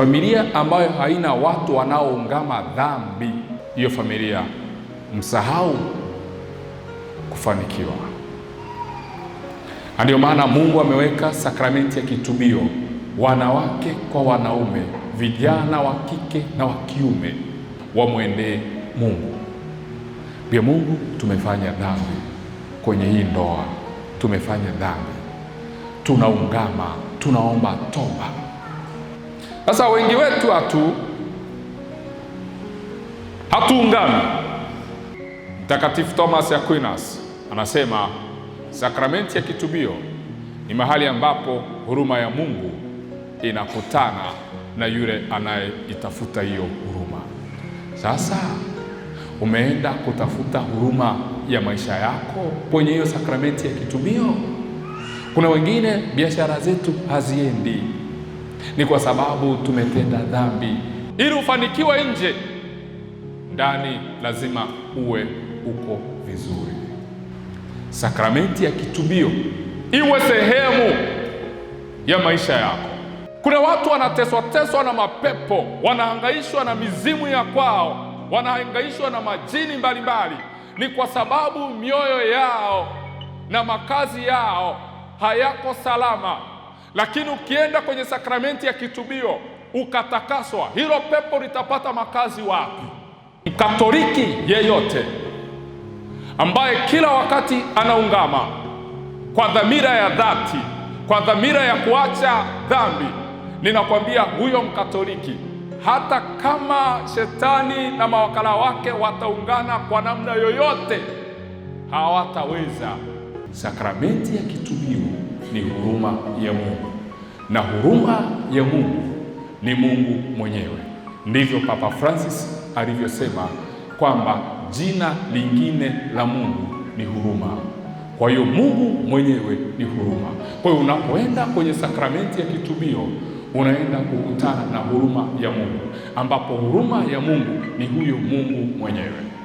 Familia ambayo haina watu wanaoungama dhambi, hiyo familia msahau kufanikiwa. Ndio maana Mungu ameweka sakramenti ya kitubio, wanawake kwa wanaume, vijana wa kike na wa kiume wamwendee Mungu. pia Mungu, tumefanya dhambi kwenye hii ndoa, tumefanya dhambi, tunaungama, tunaomba toba sasa wengi wetu hatu hatuungani. Mtakatifu Thomas Aquinas anasema sakramenti ya kitubio ni mahali ambapo huruma ya Mungu inakutana na yule anayeitafuta hiyo huruma. Sasa umeenda kutafuta huruma ya maisha yako kwenye hiyo sakramenti ya kitubio. Kuna wengine biashara zetu haziendi ni kwa sababu tumetenda dhambi. Ili ufanikiwe nje, ndani lazima uwe uko vizuri. Sakramenti ya kitubio iwe sehemu ya maisha yako. Kuna watu wanateswateswa na mapepo, wanahangaishwa na mizimu ya kwao, wanahangaishwa na majini mbalimbali mbali. Ni kwa sababu mioyo yao na makazi yao hayako salama. Lakini ukienda kwenye sakramenti ya kitubio ukatakaswa, hilo pepo litapata makazi wapi? Mkatoliki yeyote ambaye kila wakati anaungama kwa dhamira ya dhati, kwa dhamira ya kuacha dhambi, ninakwambia huyo Mkatoliki, hata kama shetani na mawakala wake wataungana kwa namna yoyote, hawataweza Sakramenti ya kitubio ni huruma ya Mungu, na huruma ya Mungu ni Mungu mwenyewe. Ndivyo Papa Francis alivyosema kwamba jina lingine la Mungu ni huruma. Kwa hiyo Mungu mwenyewe ni huruma. Kwa hiyo unapoenda kwenye sakramenti ya kitubio unaenda kukutana na huruma ya Mungu, ambapo huruma ya Mungu ni huyo Mungu mwenyewe.